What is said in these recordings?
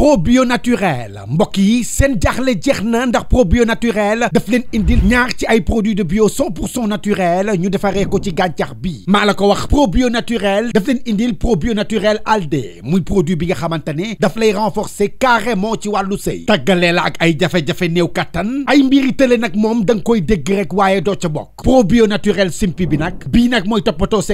probio naturel mbokk yi seen jaaxle ndax probio naturel daf leen indil ñaar ci ay de bio 100 naturel ñu defaree ko ci gàncax bi maa probio naturel daf leen indil probio naturel alde muy produit bi nga xamantane renforcé, daf lay renforcer carrément ci walu sëy tagalé la ak ay jafé jafé new katan ay mbiri tële nag moom koy probio naturel simpi bi Binak bi nak moy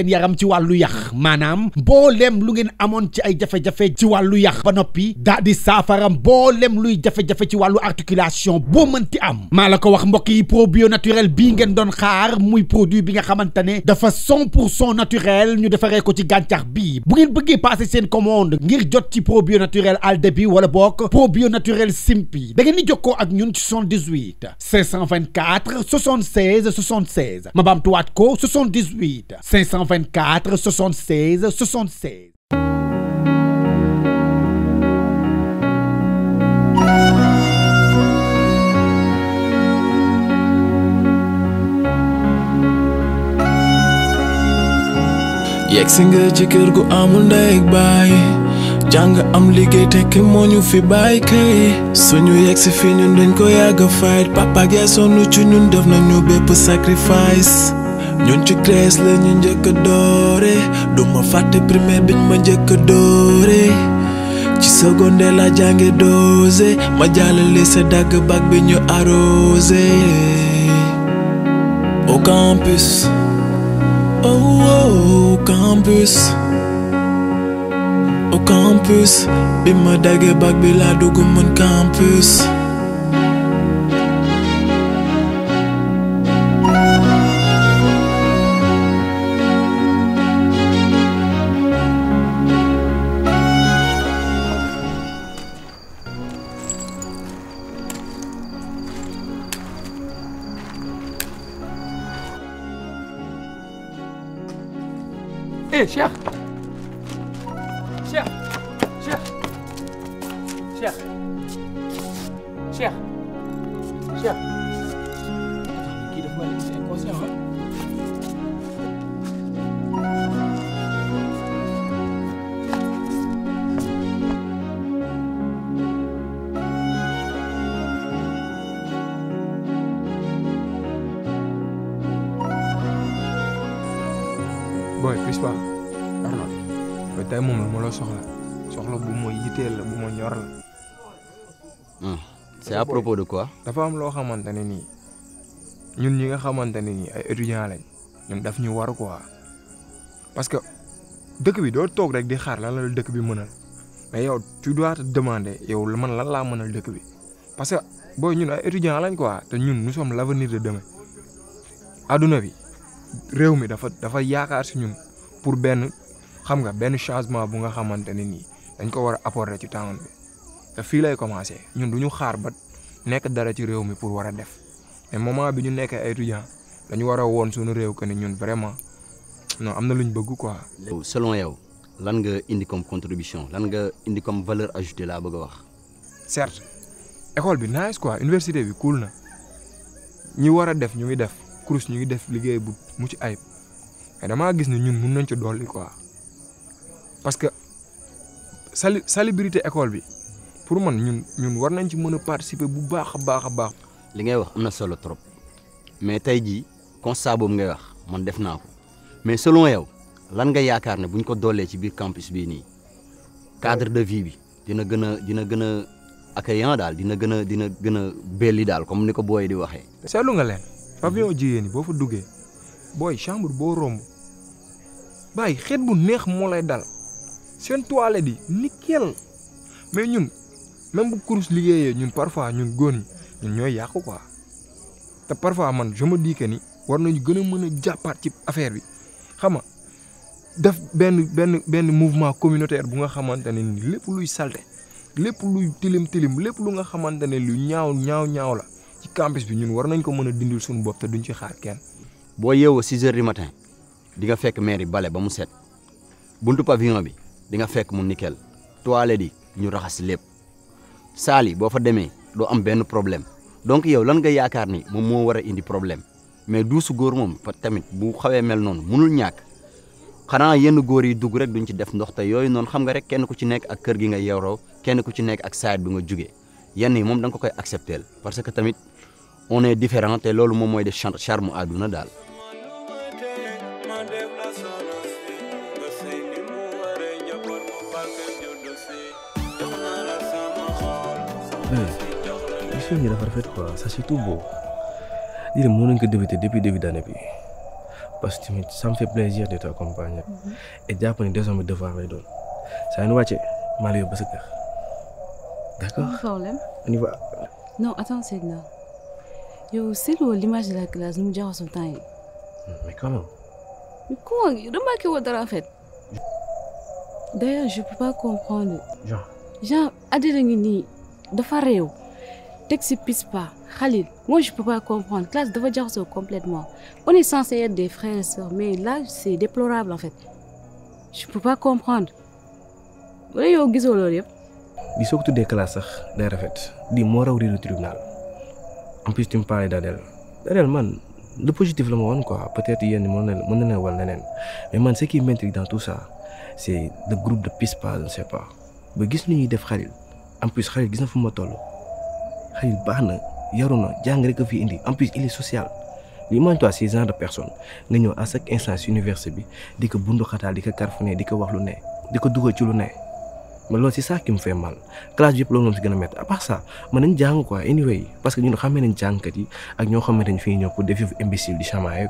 yaram ci walu yax manam, bolem lu ngeen amone ci ay jafé jafé ci saafara mboolem luy jafé jafé ci walu articulation boo ti am maa wax mbokk yi probio naturel bi ngeen don xaar muy produit bi nga xamantane dafa 100 naturel ñu défaré ko ci gàncax bi bu ngeen bëggé passer seen commande ngir jot ci probio naturel alde début wala bok probio naturel simpi da ngeen di jokkoo ak ñun ci 78 524 76 76 ma baamtuwaat ko 78 524 76 76 yegg si ci kër gu amul ndey baay jàng am liggéey tekki moo ñu fi bàyyi kay suñu yegg si fi ñu dañ ko yàgg a fayit papa gee sonn ci ñun def nañu bépp sacrifice ñun ci crèche la ñu njëkk a doore du ma fàtte biñ ma njëkk a doore ci seconde la jànge dose ma jàllale sa dagg bag bi ñu arrosé au campus oh, oh, oh. Au campus Au campus Be ma dage bag be la mon campus ش ي boy bis ba arna ba tay mom lu ma la soxla soxla bu ma yitel la bu ma ñor la. hmm ah, c'est à propos de quoi. dafa am lo xamante ni ñun ñi nga xamante ni ay étudiant lañ ñom daf ñu war quoi parce que dëkk bi doo toog rek di xaar lan la dëkk bi mënal mais yow tu dois te demander yow man lan laa mënal dëkk bi parce que boy ñun ay étudiant lañ quoi te ñun nous sommes l'avenir de demain aduna bi. réew mi dafa dafa yaakaar si ñun pour benn xam nga benn changement bu nga xamante ne nii dañ ko war a apporter ci town bi fii lay commencé ñun du ñu xaar ba nekk dara ci réew mi pour war a def mais moment bi ñu nekkee ay étudiant dañu war a woon suñu réew que ni ñun vraiment non am na lu ñu bëgg quoi. selon yow lan nga indi comme contribution lan nga indi comme valeur ajoutée laa bëgg a wax. certes école bi nice quoi université bi cool na ñu war a def ñu ngi def. Kurus ñu ngi def liggéey bu ci ayib mais dama gis ni ñun mun nañ ci dolli quoi parce que sali salubrité école bi pour man ñun ñun war nañ ci mën a participer bu baax a baax a baax. li ngay wax am na solo trop mais tey jii constat boobu ngay wax man def naa ko mais selon yow lan nga yaakaar ne buñ ko doolee ci biir campus bii nii cadre de vie bi dina gën dina gën a accueillant daal dina gën dina gën a belli daal comme ni ko booy di waxee. seetlu nga leen pavillon jigéen yi boo fa duggee booy chambre boo romb bàyyi xet bu neex moo lay dal seen toilette yi nickel mais ñun même bu kurus liggéeyee ñun parfois ñun góor ñi ñun ñooy yàqu quoi te parfois man je me dis que ni war nañu gën a mën a jàppaat ci affaire bi xam nga def benn benn benn mouvement communautaire bu nga xamante ne ni lépp luy salte lépp luy tilim tilim lépp lu nga xamante ne lu ñaaw ñaaw ñaaw la ci campus bi ñun war nañ ko mën a dindil suñu bopp te duñ ci xaar boo yeewoo six heures du di nga fekk mairie bale ba mu set buntu pavillon bi di nga fekk mu nickel toilette yi ñu raxas lépp saal boo fa demee doo am benn problème donc yow lan nga yaakaar ni moom moo war a indi problème mais duusu góor moom tamit bu xawee mel noonu munul ñàkk xanaa yenn góor yi dugg rek duñ ci def ndoxte yooyu noonu xam nga rek kenn ku ci nekk ak kër gi nga yoroo kenn ku ci nekk ak saayit bi nga jugee yenn yi moom da ko koy accepter parce on est différent et moment est moy à charme àdduna Je suis venu dafa rafet quoi ça c'est tout beau lii de mën que ko débuté depuis début d'année parce que ça me fait plaisir de t'accompagner mm-hmm. et déjà pour une devoir de devoir, saa yu Ça wàccee maa la yóbbu ba sa aller. d'accord. problème on y va. non attends Seydina Yo, c'est l'image de la classe, nous son Mais comment Mais comment en fait. D'ailleurs, je ne peux pas comprendre. Jean. Jean, Adelangini, de Fareo, pisse pas. Khalil, moi je ne peux pas comprendre. Classe devrait dire complètement. On est censé être des frères et sœurs, mais là c'est déplorable en fait. Je ne peux pas comprendre. Vous voyez, vous avez des classes, des ça des au tribunal en plus tu me parlais d'Adèle Adèle man le positif le ma quoi peut-être yéen mën na mën na wal leneen mais man ce qui m'intrigue dans tout ça c'est le groupe de PISPA je ne sais pas ba gis lu ñuy def Khalil en plus Khalil gis na fu ma toll Khalil baax na yaru na jàng rek a fi indi en plus il est social imagine-toi ces genre de personnes nga ñëw à chaque instant si université bi di ko bundu xataal di ko carfonné di ko wax lu ne di ko dugal ci lu ne. man loolu c'est ça qui me fait mal classe bi yëpp loolu moom si gën a métti à part ça man nañ jàng quoi anyway parce que ñun xamee nañ jàngkat yi ak ñoo xamante ne fii ñëw ko def imbécile di chamailler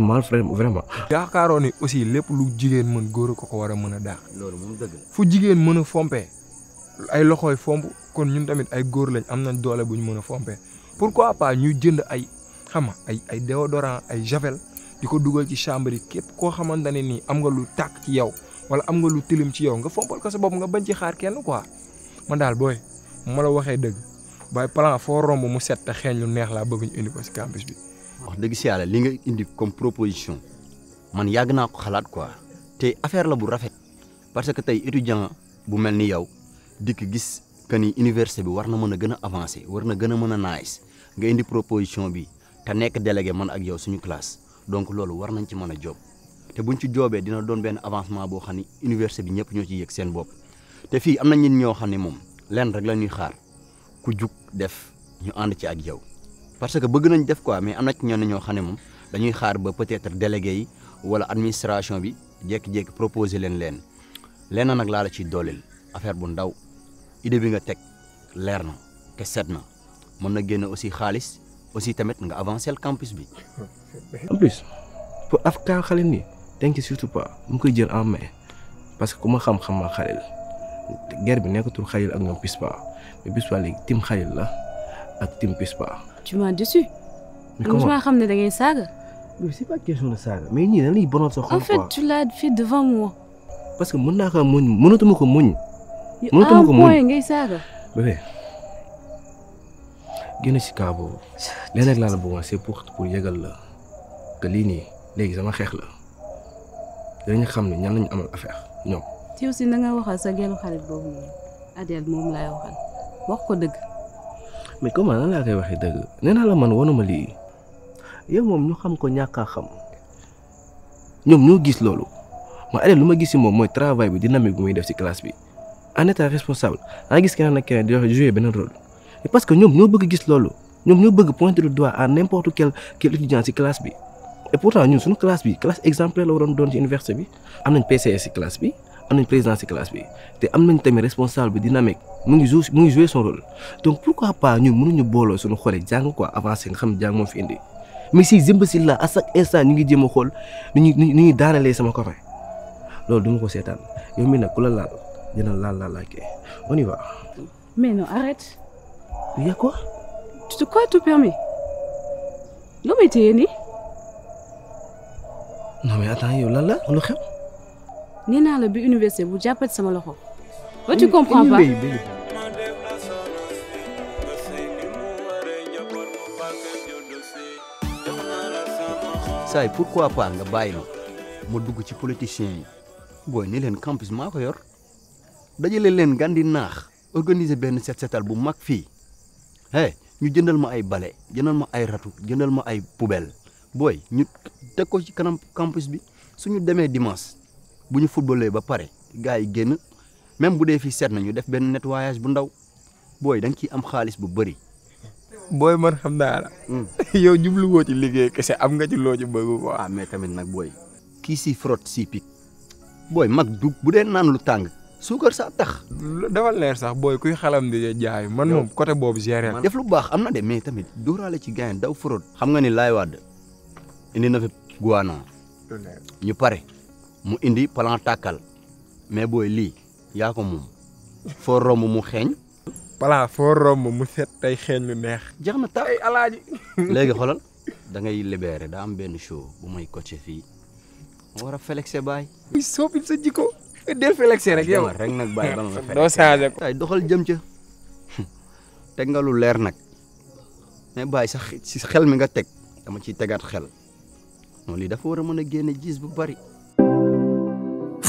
mal vraiment. yaakaaroo ni aussi lépp lu jigéen mën góor ko ko war a mën a daax. loolu moom dëgg fu jigéen mën a fompee ay loxooy fomp kon ñun tamit ay góor lañ am nañ doole bu ñu mën a fompee pourquoi pas ñu jënd ay xama ay ay déodorant ay javel di ko dugal ci chambre yi képp koo xamante ne nii am nga lu tàkk ci yow. wala am nga lu tilim ci yow nga fompal ko sa bop nga bañ ci xaar kenn quoi man dal boy ma la waxe deug bay plan fo romb mu set te xeeñ lu neex la bëgg ñu indi ko campus bi. wax deug ci yalla li nga indi comme proposition man yag na ko xalat quoi te affaire la bu rafet parce que tay étudiant bu melni yow dik gis que ni université bi warna mëna gëna avancer warna gëna mëna nice nga indi proposition bi ta nek délégué man ak yow suñu classe donc lolu war nañ ci mëna job te buñ ci joobee dina doon benn avancement boo xam ni université bi ñëpp ñoo ci yëg seen bopp te fii am na ñin ñoo xam ne moom leen rek la ñuy xaar ku jug def ñu ànd ci ak yow parce que bëgg nañ def quoi mais am na ci ñoo xam ne moom dañuy xaar ba peut-être délégué yi wala administration bi jékki-jékki proposé leen leen lenn nag laal la ciy dooleel affaire bu ndaw idée bi nga teg leer na te set na mën na génn aussi xaalis aussi tamit nga avancer le campus bi. denk surtout pas mu koy jël en main parce que ku xam xam ma xalil guerre bi nekkatul xalil ak ñoom pispa mais pispa léegi tim xalil la ak tim pispa tu m'as déçu mais comment xam ne da ngay saaga mais c'est pas question de saaga ya mais ñi dañuy bonal sa xol en fait tu l'as fait devant moi parce que mën naa ko muñ mënatuma ko muñ mënatuma ko muñ ngay saaga bébé génn ci cas boobu leneen laa la bëggoon c'est pour pour yëgal la que lii nii léegi sama xeex la dañ xam ne ñan lañu amal affaire ñoom ci aussi na nga waxal sa gelu xarit boobu noonu adel moom laay waxal wax ko dëgg mais comment nan laa koy waxee dëgg nee naa la man wanuma lii yow moom ñu xam ko ñàkkaa xam ñoom ñoo gis loolu ma adel lu ma gis si moom mooy travail bi dynamique bu muy def si classe bi en état responsable daa gis keneen ak keneen di wax jouer beneen rôle et parce que ñoom ñoo bëgg gis loolu ñoom ñoo bëgg pointer le doigt à n'importe quel quel étudiant si classe bi et pourtant sommes une classe une classe exemplaire la l'université. doon université bi PCS classe bi am nañ classe bi te am nañ responsable dynamique nous son rôle donc pourquoi pas nous nous quoi avancé nga xam mais si à chaque instant ñu ngi nous nous avons sama du ko Nous on y va. mais non arrête. il quoi. tu te crois permis. non mais attends là lan la lu xew. nee naa la bi université vous jàppat sama loxo. ba tu comprends pas saay pourquoi pas nga bàyyi ma dugg ci politicien yi booy ni leen campus maa ko yor dajale leen gan di organiser benn set setal bu mag fii hey ñu jëndal ma ay bale jëndal ma ay ratu jëndal ma ay poubelle boy ñu teg ko ci kanam campus bi suñu démé dimanche buñu footballé ba paré gaay yi génn même bu nañu def ben nettoyage bu ndaw boy dang ki am xaaliss bu bari boy man xam na la. Hmm. yow jublu wo ci liggé kese am nga ci loo ci bëgg ko. ah mais tamit nak boy ki si frotte si pic boy mag du bu dee naan lu tang sugar sa tax. dawal leer sax boy kuy xalam di jaay man mom côté bobu géré def lu bax amna dé mais tamit dóoraale ci gaañ daw frotte. xam nga ni lay wad indi na fi guana ñu pare mu indi plan tàkkal mais booy lii yaa ko moom foo romb mu xeeñ. plan foo romb mu set tey xeeñ lu neex. jeex na tey alaaji. léegi xoolal da ngay libéré daa am benn show bu may coaché fii war a flexé baay. muy soppi sa jikko del flexé rek rek nag baay ba nga doo changé doxal jëm ca teg nga lu leer nag mais baay sax si xel mi nga teg dama ciy tegaat xel. noonu li dafa war a mën a génne jiis bu bari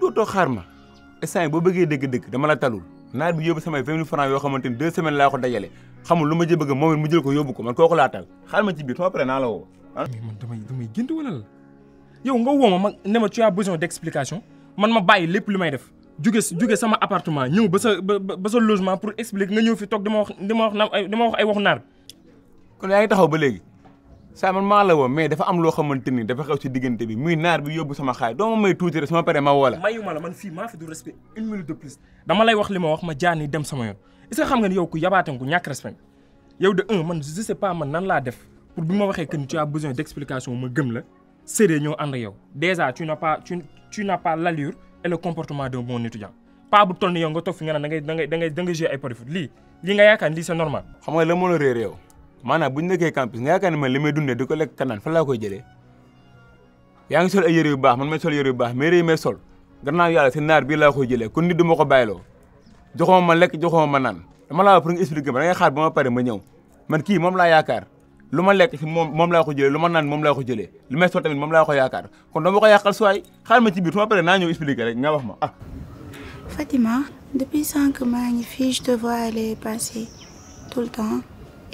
dootoo xaar ma instant yi boo bëggee dëgg-dëgg dama la talul naar bi yóbbu sama vingt mille francs yoo xamante ni deux semaines laa ko dajale xamul lu ma jë bëgg moom it mu jël ko yóbbu ko man kooku laa tal xaar ma ci biir sama naa la wo ah? mais man damay damay gént wala la yow nga woo ma ma ne ma tu as besoin d'explication man ma bàyyi lépp li may def jóge jóge sama appartement ñëw ba sa ba sa logement pour expliquer nga ñëw fi toog dama wax dama wax na dama wax ay waxu naar kon yaa ngi taxaw ba léegi saa man maa la woo mais dafa am loo xamante ni dafa xew ci diggante bi muy naar bi yóbbu sama xaay doo ma may tuuti rek sama pare ma wala. mayuma la man fii maa fi du respect une minute de plus dama lay wax li ma wax ma jaar dem sama yoon est-ce que xam nga ni yow ku yabaate nga ku ñàkk respect yow de un man je sais pas man nan laa def pour bi ma waxee que ni tu as besoin d'explication ma gëm la sérieux ñoo ànd yow déjà tu n'as pas tu tu n'as pas l'allure et le comportement d'un bon étudiant pas bu toll ni yow nga toog fi nga naan da ngay da ngay da ngay jouer ay pari foot lii lii nga yaakaar lii c'est normal. xam nga la mën a réer yow maanaam bu ñu nekkee campus nga yaakaar ne man li may dundee di ko lekk kanaan laa koy jëlee yaa ngi sol ay yére yu baax man may sol yére yu baax mais yére yi may sol gannaaw yàlla si naar bii laa koy jëlee kon nit du ma ko bàyyiloo ma lekk joxoo ma naan dama laa pour nga expliquer ma da ngay xaar ba ma pare ma man kii moom laa yaakaar lu ma lekk si moom moom laa ko jëlee lu ma naan moom laa ko jëlee li may sol tamit moom laa ko yaakaar kon dama ko yàqal suwaay xaar ma ci biir su ma pare naa ñëw expliquer rek nga wax ma ah Fatima depuis cinq maa ngi fii je te vois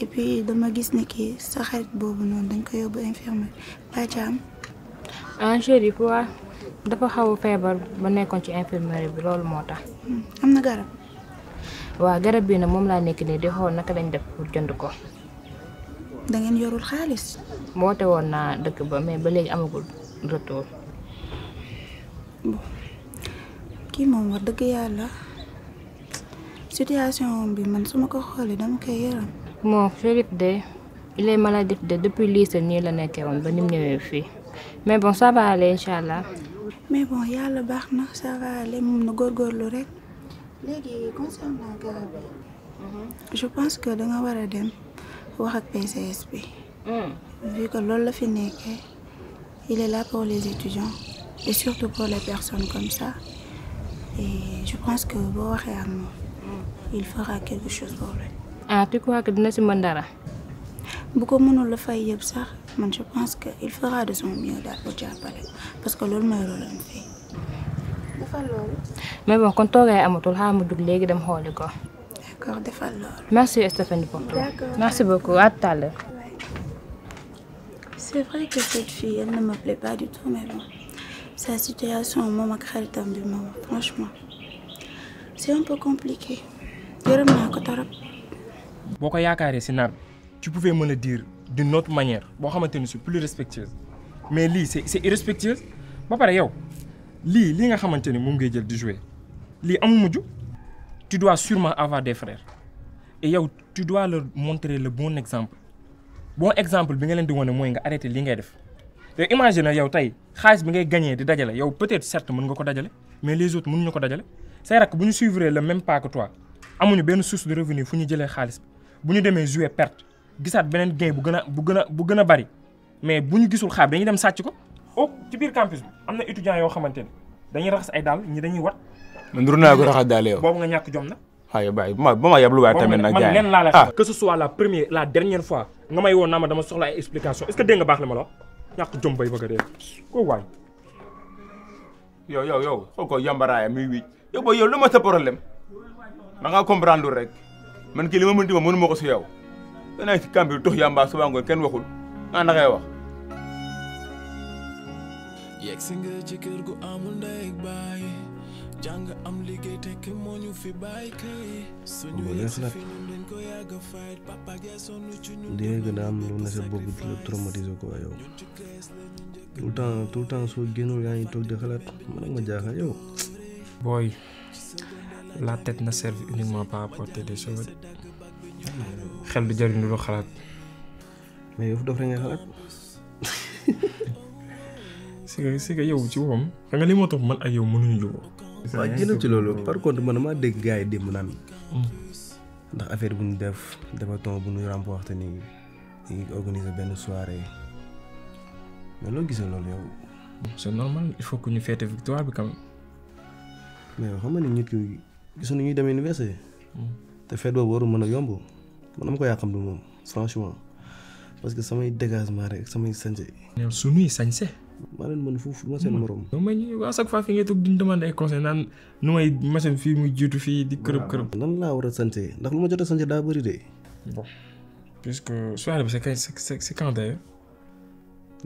et dama gis ne kii sa xarit boobu noonu dañ ko yóbbu infirmerie Badiane. ah chérie waaw dafa xaw a feebar ba nekkoon ci infirmerie bi loolu moo tax. Hmm, am na garab. waa garab bii nag moom laa nekk nii di xool naka lañ def pour jënd ko. da ngeen yorul xaalis. woote woon naa dëkk ba mais ba léegi amagul retour. kii moom wax dëgg yàlla situation bi man su ma ko xoolee dama koy yaram. Mon Philippe, il est malade depuis lycée de la mais bon ça va aller Inch'Allah. mais bon y il a le non? ça va aller mon concernant mhm. je pense que da nga war a dem wax ak mm. vu que l'on la il est là pour les étudiants et surtout pour les personnes comme ça et je pense que boo mm. il fera quelque chose pour lui ah tu crois que dina si mën dara. bu ko mënul la fay yëpp sax man je pense que il fera de son mieux daal pour jàppale parce que loolu mooy rôle am fii. defal loolu. mais bon kon toogaay amatul ha ma dugg légui dem xooli ko. d'accord defal loolu. merci Stéphanie pour tout. d'accord merci beaucoup à tout à l'heure. c'est vrai que cette fille elle ne me plaît pas du tout mais bon sa situation moom le temps du moment, franchement c'est un peu compliqué yërëm à ko trop boko yakare yaakaaree tu pouvais me le dire d'une autre manière bo xamanteni c'est plus respectueuse mais Li, c'est c'est irrespectueuse ba pare yow Li Li nga xamanteni ni ngay jël di jouer li amu muju tu dois sûrement avoir des frères et yow tu dois leur montrer le bon exemple bon exemple bi nga len di woné moy nga arrêter li ngay def te imagine yow tay xaliss bi ngay gagner di dajalé yow peut-être certes mën nga ko dajalé mais les autres mënuñu ko dajalé say rakk buñu ñu suivre le même pas que toi amuñu benn source de revenu fuñu jëlé xaliss bu ñu demee jouer perte gisaat beneen gain bu gën a bu gën a bu gën a bari mais bu ñu gisul xaar dañuy dem sàcc ko. oh ci biir campus am na étudiants yoo xamante ne dañuy raxas ay daal ñi dañuy wat. man dur naa ko raxas daal yow. boobu nga ñàkk jom na. waaye baay ba ma ba ma waaye tamit nag. jaay man lenn laa la ah. que ce soit la première la dernière fois nga may woon naa ma dama soxla ay explication est ce que dégg baax li ma la ñàkk jom bay bëgg a dee ko waay. yow yow yow xool ko yambaraaya muy wiic yow booy yow lu ma sa problème da ngaa comprendre rek man ki lima ma mënti ma mënu moko su si yow danaa ci kàmb bi yamba su suba ngoon waxul wax yek singa ci kër gu amul ndey ya ak baye jang am tek moñu fi baye kay suñu di traumatiser ko yow tout le temps tout le temps di man la tête ne serve uniquement pas à porter des choses xel du jëriñ lu xalaat mais yow dof rek nga xalaat si nga si nga yow ci wom xam nga li moo tax man ak yow mënuñu juboo waaw jëlal ci loolu par contre man dama dégg gars yi démb naan mm. ndax affaire bu def dafa ton bu ñu remporté ni ñu ngi organiser benn soirée mais loo gisee loolu yow c'est normal il faut que ñu fête victoire bi quand même mais xam nga ni nit gisu ni ñuy demee université. Hmm. te fête boobu warul mën a yomb a dama ko yaa xam ne moom franchement parce que samay dégagement rek samay sañse. ñoom suñuy sañse. maa leen mën foofu ma seen morom. donc hmm. man à chaque fois fi ngay toog di demande ay naan nu may machine fii muy jiitu fii di. kërëb kërëb nan laa war a sañse ndax lu ma jot a sañse daa bëri de. bon puisque soirée bi c'est quand c'est quand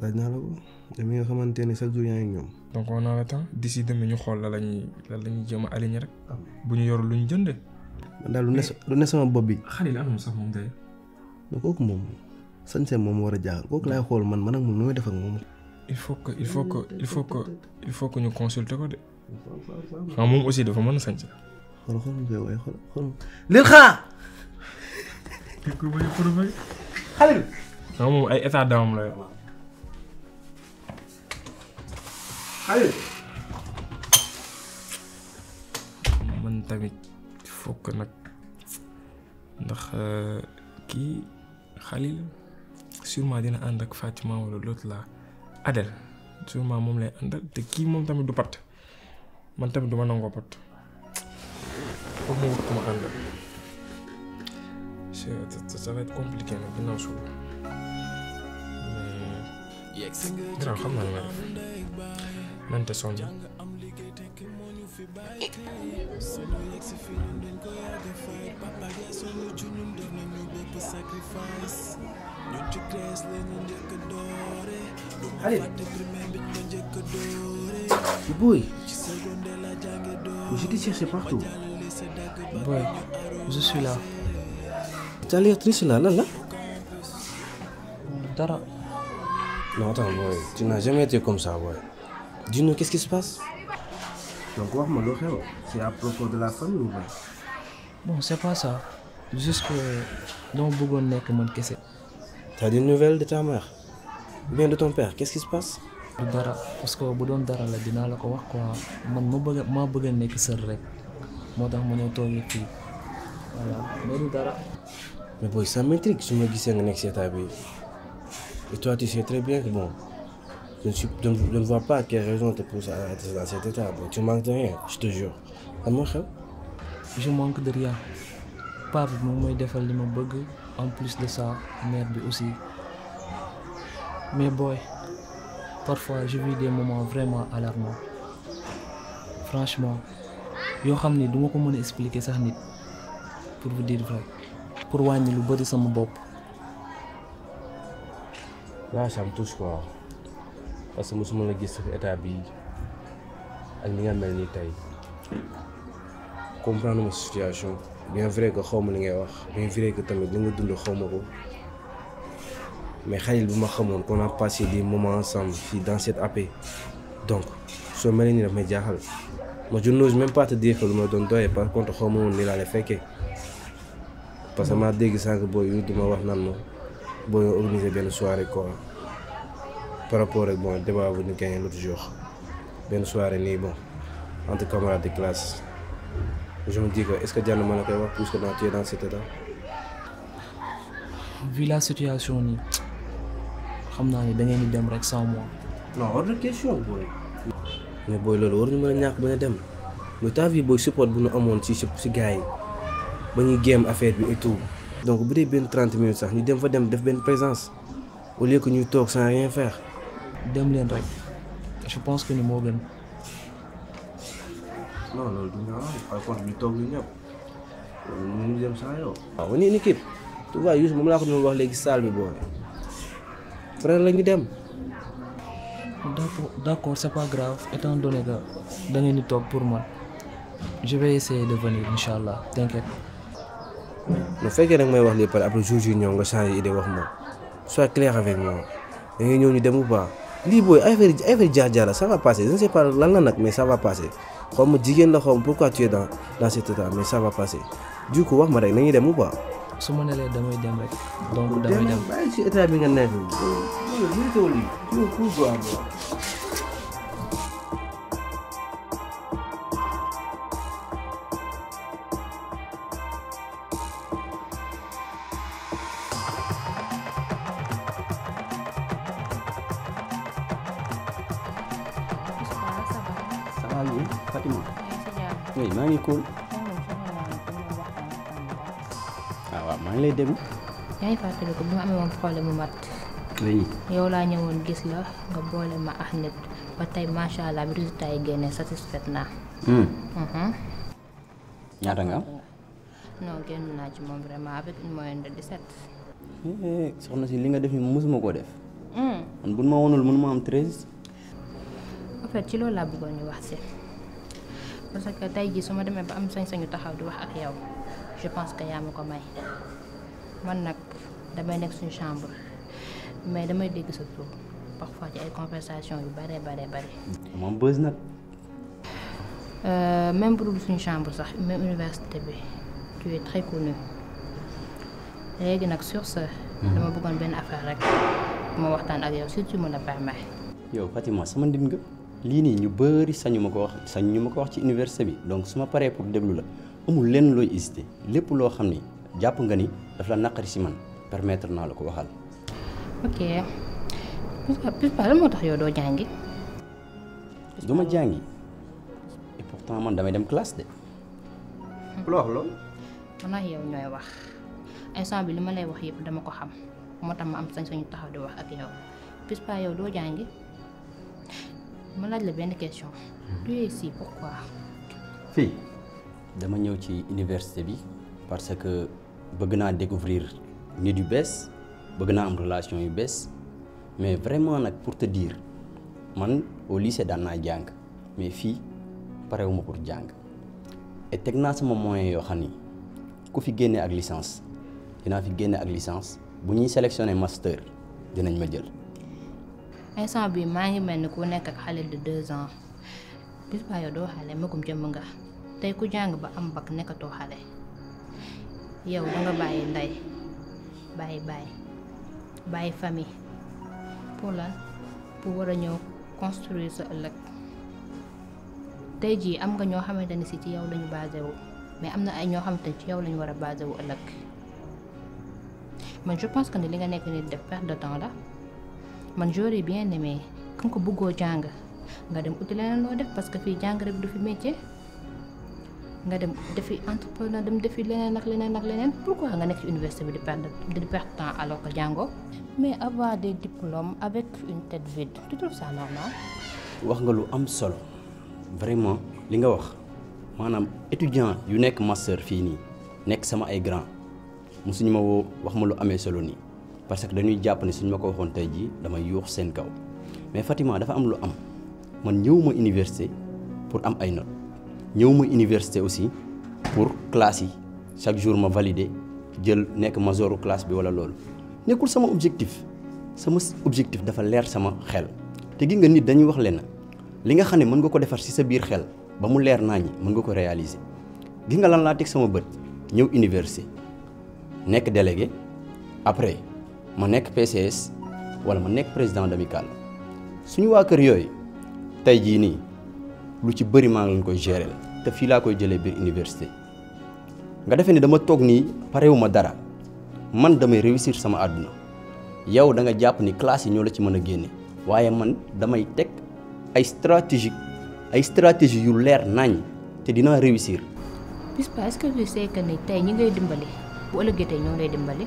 laaj naa la ko dem nga xamante ne chaque jour yaa ngi ñoom. donc on a le temps d'ici demain ñu xool la la ñuy la la ñuy jéem a aligné rek. bu ñu yor lu ñu jënd. man daal lu ne lu ne sama bopp bi. Khalil am na sax moom tey. mais kooku moom sañse moom war a jaaxal kooku laay xool man man ak moom nu may def ak moom. il faut que il faut que il faut que il faut que ñu consulter ko de. xam moom aussi dafa mën a sañse. xool xool nga waaye xool xool. lil xaa. dégg nga mooy Khalil. xam moom ay état d'âme la yor. Halbe. man tamit fokk nag ndax kii Khalil sûrement dina ànd ak Fatima wala l'autre la Adel sûrement moom lay àndal te kii moom tamit du pat man tamit du nangoo pat foog mu wut ku ma àndal ça va être compliqué nag ginnaaw suuf mais. xam naa ta sonja Allez. Boy, je t'ai chercher partout. Boy, je suis là. Tu as l'air triste là, là, là Dara. Non, attends, boy, tu n'as jamais été comme ça, boy. Dis-nous, qu'est-ce qui se passe Donc, c'est à propos de la famille ou pas Bon, c'est pas ça. Juste que Donc, Bougon n'est que mon caisse. T'as des nouvelles de ta mère bien de ton père Qu'est-ce qui se passe dara parce que bu dara la dina la ko wax quoi man ma beug ma beug nek seul rek motax mo ma ñëw toogee voilà bon dara. mais booy ça m'intrigue je me disais nga nekk état bi et toi tu sais très bien que bon je ne, vois pas quelle raison tu pousse à être dans cet état. tu manques de rien, je te jure. Je manque de rien. Pape, vraiment de mon bug. En plus de ça, merde aussi. Mais boy, parfois, je vis des moments vraiment alarmants. Franchement, je ne sais pas comment expliquer ça pour vous dire vrai. Pour voir le body de mon Là, ça me touche quoi parce que mosuma la gis état bi ak ni nga mel nii comprendre ma situation bien vrai que xawma li ngay wax bien vrai que tamit li nga dund xaw ko mais Khalil bu ma xamoon qu'on a passé des moments ensemble fi dans cette ap donc so mel ni daf may moi je n'ose même pas te dire que lu ma doon doyee par contre xaw ma ni la la fekkee parce que ma dégg sank boy yu duma wax nan boy organiser benn soirée quoi par rapport ak bon débat bu nous gagné l'autre jour benn soirée ni bon entre camarades de classe je me dis que est-ce que jàll ma la koy wax puisque dans tu es dans cet état. vu la situation ni, xam naa ne da ngeen dem rek sans moi. non hors de question boy. mais boy, loolu war ni mën a ñàkk ba ñu dem lu tax boy, support bu ñu amoon ci ci gars yi ba ñuy affaire bi et tout. donc bu dee benn 30 minutes sax ñu dem fa dem def présence au lieu que nous talk sans rien faire dem len rek je pense que ni mo gën. non loolu du ñu par contre mi ñu ñëpp ñu dem sans yow. waaw on est une équipe tu vois Youssou moom laa ko doon wax léegi salle bi boobu frère la ñu dem. d'accord d'accord c'est pas grave étant donné que da ngeen ni toog pour moi je vais essayer de venir inshallah allah t'inquiète. bu fekkee nag may wax lii pare après jour yi ñëw nga changer idée wax moom sois clair avec moi da ngay ñëw ñu dem ou pas ça va passer je ne sais pas mais ça va passer comme ne sais la pourquoi tu es dans dans cet état mais ça va passer du coup wax ma rek dire, dem ou pas. su ma je damay dem rek. donc damay dem Fatima. oui maa ngi cool. waaw maa ngi lay déglu. yaa ngi fàttaliku bi ma amee woon problème mu mat. yow laa ñëwoon gis la nga boole ma ak nit ba tey macha allah bi résultat yi génne satisfait naa. ñaata nga am. non génn naa ci moom vraiment avec une moyenne de 17. soxna si li nga def ni koo def. man buñ ma wonul mën am 13. en ci loolu laa bëggoon ñu wax si. parce que tey jii su ma ba am sañ-sañu taxaw di wax ak yow je pense que yaa ma ko may man nak damay nek suñu chambre mais damay dégg sa tur parfois ci ay conversation yu bare bare bare mom moom nak euh même pour dul suñu chambre sax même université bi tu es très connu léegi nak sur ce hmm. dama bëggoon ben affaire rek ma waxtaan ak yow surtout mo me le permets yow Fatima sama ndim nga Lini ni ñu bëri sañu ma ko wax sañu ñu ko wax ci université bi donc suma paré pour déglu la amul lenn loy hésité lépp lo xamni ni nga ni daf la naqari ci man permettre na la ko waxal. ok plus pas mo tax yo doo jangi duma jangi et pourtant man damay dem classe dé ku la wax loolu. man yow ñoy wax instant bi lima lay wax yépp dama ko xam am sañ-sañu taxaw di wax ak yow pas yow doo jangi ma laaj la benn question. tu es ici pourquoi. fii dama ñëw ci université bi parce que bëgg naa découvrir nit du bees bëgg naa am relation yu bees mais vraiment pour te dire man au lycée daan naa jàng mais fii parewuma pour jàng et teg naa sama moyen yoo xam ni ku fi génne ak licence dinaa fi génne ak licence bu ñuy sélectionné master dinañ ma jël. instant bi maa ngi mel ni ku nekk ak xale de deux ans bis baa doo xale magum jëmm nga tey ku jàng ba am bak nekkatoo xale yow danga bàyyi ndey bàyyi bàyyi bàyyi pour la pour war a ñëw construire sa ëllëg tey jii am nga ñoo xamante ni si ci yow lañu basé wu mais am na ay ñoo xamante ni ci yow lañu war a basé wu ëllëg man je pense que ni li nga nekk nii def perte de temps la. man j'aurais bien aimé comme ko bëggoo jang nga dem uti leneen loo def parce que fi jang rek du fi métier nga dem defi entrepreneur dem defi leneen ak leneen ak leneen pourquoi nga nek université bi de de di perdre temps alors que jango mais avoir des diplômes avec une tête vide tu trouves ça normal. wax nga lu am solo vraiment li nga wax manam étudiant yu nek master fini, nek sama ay grand mosuñu ma wax ma lu amé solo ni parce que dañuy japp ni suñ mako waxon tay ji dama sen kaw mais Fatima dafa am lu am man ñëwuma université pour am ay notes ñëwuma université aussi pour classe yi chaque jour ma valider jël nek majoru classe bi wala lool nekul sama objectif sama objectif dafa leer sama xel te gi nga nit dañuy wax leen li nga xam ne mën nga ko defar ci sa biir xel ba mu leer nañ nga ko réaliser gi nga lan la tek sama bert. ñew université nek délégué après ma nekk PCS wala ma nekk président d'amical suñu wa kër yoy tay ji ni lu ci bëri ma ngi koy gérer te fi la koy jëlé bir université nga defee ni dama tok ni parewuma dara man damay réussir sama aduna yow da nga japp ni classe yi ñoo la ci mëna a waye man damay tek ay stratégie ay stratégie yu lèr nañ te dina réussir. Puspa est-ce que tu sais que ni tay ñi ngay dimbalé bu ëllëgee tey ñoo lay dimbalé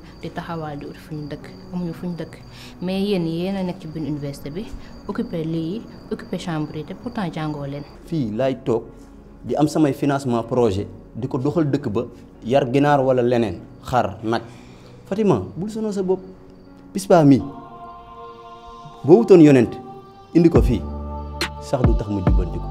di taxawaal di ut fu ñu dëkk amuñu fu ñu dëkk mais yéen yéen a nekk ci biir université bi occupé lii occupé chambre yi te pourtant jàngoo leen. fii laay toog di am samay financement projet di ko doxal dëkk ba yar ginaar wala leneen xar nag fatiment bul sonal sa bopp Pispa mi boo wutoon yonent indi ko fii sax du tax mu jubbanti ko